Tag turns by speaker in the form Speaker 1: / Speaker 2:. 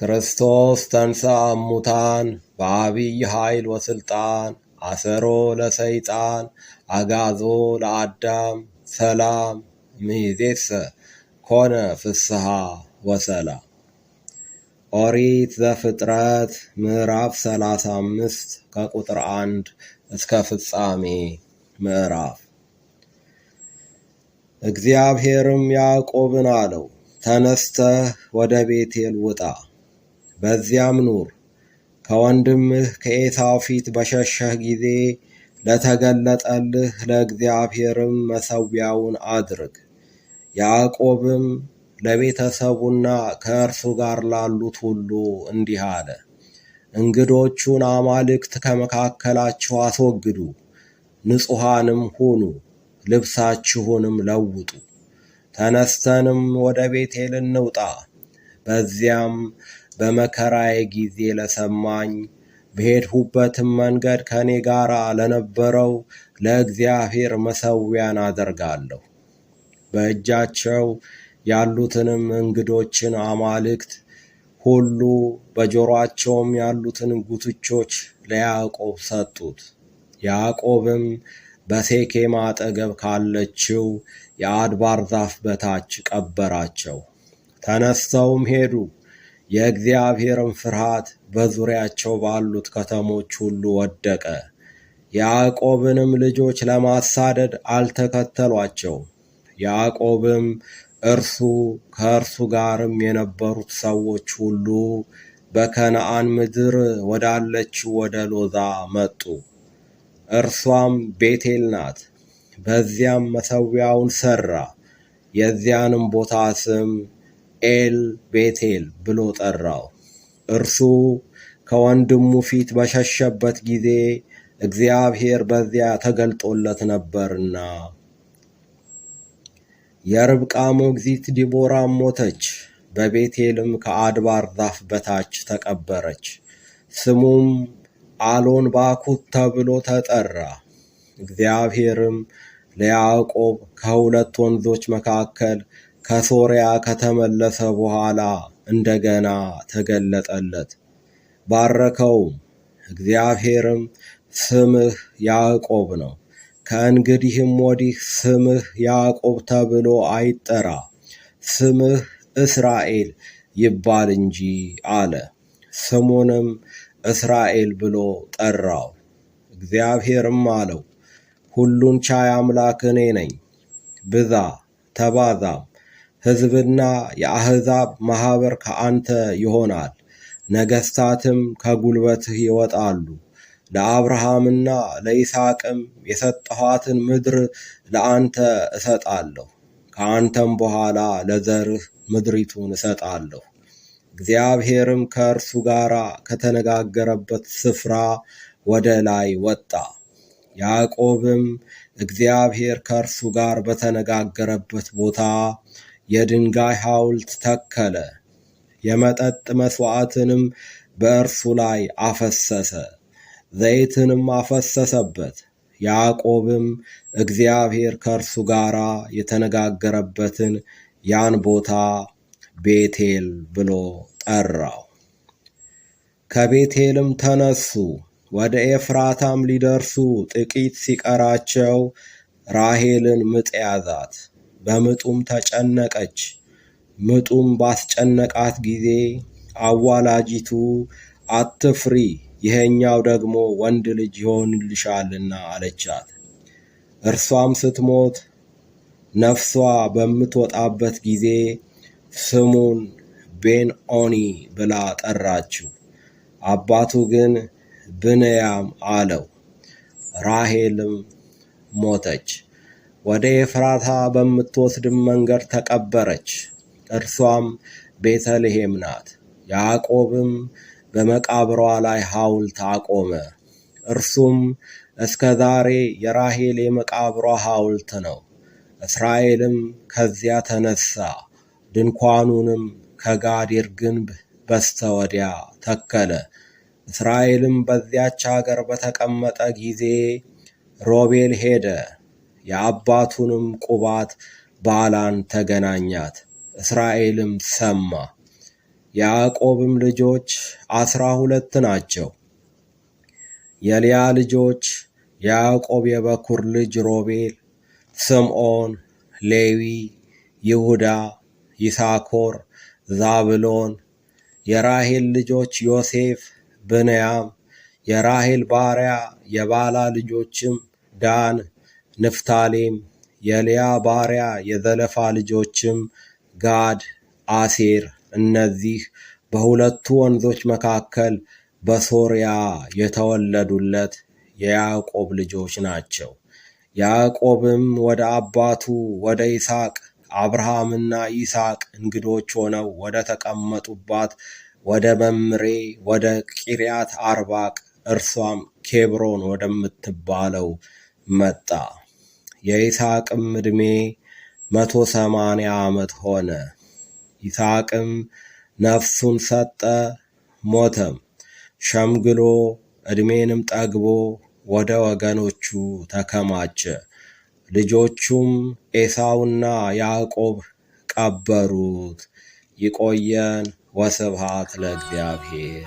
Speaker 1: ክርስቶስ ተንሥአ እሙታን በአቢይ ኃይል ወስልጣን አሰሮ ለሰይጣን አጋዞ ለአዳም ሰላም ሚዜሰ ኮነ ፍስሐ ወሰላ ኦሪት ዘፍጥረት ምዕራፍ 3 ከቁጥር አንድ እስከ ፍጻሜ ምዕራፍ። እግዚአብሔርም ያዕቆብን አለው፣ ተነስተህ ወደ ቤቴል ውጣ በዚያም ኑር። ከወንድምህ ከዔሳው ፊት በሸሸህ ጊዜ ለተገለጠልህ ለእግዚአብሔርም መሠዊያውን አድርግ። ያዕቆብም ለቤተሰቡና ከእርሱ ጋር ላሉት ሁሉ እንዲህ አለ፣ እንግዶቹን አማልክት ከመካከላችሁ አስወግዱ፣ ንጹሐንም ሁኑ፣ ልብሳችሁንም ለውጡ። ተነስተንም ወደ ቤቴል እንውጣ፣ በዚያም በመከራዬ ጊዜ ለሰማኝ በሄድሁበትም መንገድ ከእኔ ጋር ለነበረው ለእግዚአብሔር መሰዊያን አደርጋለሁ። በእጃቸው ያሉትንም እንግዶችን አማልክት ሁሉ በጆሮአቸውም ያሉትን ጉትቾች ለያዕቆብ ሰጡት። ያዕቆብም በሴኬም አጠገብ ካለችው የአድባር ዛፍ በታች ቀበራቸው። ተነስተውም ሄዱ። የእግዚአብሔርን ፍርሃት በዙሪያቸው ባሉት ከተሞች ሁሉ ወደቀ። ያዕቆብንም ልጆች ለማሳደድ አልተከተሏቸው። ያዕቆብም እርሱ ከእርሱ ጋርም የነበሩት ሰዎች ሁሉ በከነአን ምድር ወዳለችው ወደ ሎዛ መጡ። እርሷም ቤቴል ናት። በዚያም መሠዊያውን ሠራ። የዚያንም ቦታ ስም ኤል ቤቴል ብሎ ጠራው። እርሱ ከወንድሙ ፊት በሸሸበት ጊዜ እግዚአብሔር በዚያ ተገልጦለት ነበርና። የርብቃ ሞግዚት ዲቦራም ሞተች፣ በቤቴልም ከአድባር ዛፍ በታች ተቀበረች። ስሙም አሎን ባኩት ተብሎ ተጠራ። እግዚአብሔርም ለያዕቆብ ከሁለት ወንዞች መካከል ከሶርያ ከተመለሰ በኋላ እንደገና ተገለጠለት፣ ባረከውም። እግዚአብሔርም ስምህ ያዕቆብ ነው፣ ከእንግዲህም ወዲህ ስምህ ያዕቆብ ተብሎ አይጠራ፣ ስምህ እስራኤል ይባል እንጂ አለ። ስሙንም እስራኤል ብሎ ጠራው። እግዚአብሔርም አለው፣ ሁሉን ቻይ አምላክ እኔ ነኝ፣ ብዛ ተባዛም ሕዝብና የአሕዛብ ማኅበር ከአንተ ይሆናል፣ ነገሥታትም ከጉልበትህ ይወጣሉ። ለአብርሃምና ለይስሐቅም የሰጠኋትን ምድር ለአንተ እሰጣለሁ፣ ከአንተም በኋላ ለዘርህ ምድሪቱን እሰጣለሁ። እግዚአብሔርም ከእርሱ ጋር ከተነጋገረበት ስፍራ ወደ ላይ ወጣ። ያዕቆብም እግዚአብሔር ከእርሱ ጋር በተነጋገረበት ቦታ የድንጋይ ሐውልት ተከለ። የመጠጥ መሥዋዕትንም በእርሱ ላይ አፈሰሰ፣ ዘይትንም አፈሰሰበት። ያዕቆብም እግዚአብሔር ከእርሱ ጋር የተነጋገረበትን ያን ቦታ ቤቴል ብሎ ጠራው። ከቤቴልም ተነሱ፣ ወደ ኤፍራታም ሊደርሱ ጥቂት ሲቀራቸው ራሄልን ምጥ ያዛት። በምጡም ተጨነቀች። ምጡም ባስጨነቃት ጊዜ አዋላጂቱ አትፍሪ፣ ይሄኛው ደግሞ ወንድ ልጅ ይሆንልሻልና አለቻት። እርሷም ስትሞት ነፍሷ በምትወጣበት ጊዜ ስሙን ቤን ኦኒ ብላ ጠራችው። አባቱ ግን ብንያም አለው። ራሄልም ሞተች። ወደ ኤፍራታ በምትወስድም መንገድ ተቀበረች። እርሷም ቤተልሔም ናት። ያዕቆብም በመቃብሯ ላይ ሐውልት አቆመ። እርሱም እስከ ዛሬ የራሄል የመቃብሯ ሐውልት ነው። እስራኤልም ከዚያ ተነሳ፣ ድንኳኑንም ከጋዴር ግንብ በስተወዲያ ተከለ። እስራኤልም በዚያች አገር በተቀመጠ ጊዜ ሮቤል ሄደ የአባቱንም ቁባት ባላን ተገናኛት። እስራኤልም ሰማ። ያዕቆብም ልጆች አስራ ሁለት ናቸው። የልያ ልጆች ያዕቆብ የበኩር ልጅ ሮቤል፣ ስምዖን፣ ሌዊ፣ ይሁዳ፣ ይሳኮር፣ ዛብሎን። የራሄል ልጆች ዮሴፍ፣ ብንያም። የራሄል ባሪያ የባላ ልጆችም ዳን፣ ንፍታሌም የልያ ባሪያ የዘለፋ ልጆችም ጋድ፣ አሴር እነዚህ በሁለቱ ወንዞች መካከል በሶርያ የተወለዱለት የያዕቆብ ልጆች ናቸው። ያዕቆብም ወደ አባቱ ወደ ይስሐቅ አብርሃምና ይስሐቅ እንግዶች ሆነው ወደ ተቀመጡባት ወደ መምሬ ወደ ቂርያት አርባቅ እርሷም ኬብሮን ወደምትባለው መጣ። የይስሐቅም ዕድሜ መቶ ሰማንያ ዓመት ሆነ። ይስሐቅም ነፍሱን ሰጠ፣ ሞተም። ሸምግሎ ዕድሜንም ጠግቦ ወደ ወገኖቹ ተከማቸ። ልጆቹም ኤሳውና ያዕቆብ ቀበሩት። ይቆየን። ወስብሐት ለእግዚአብሔር።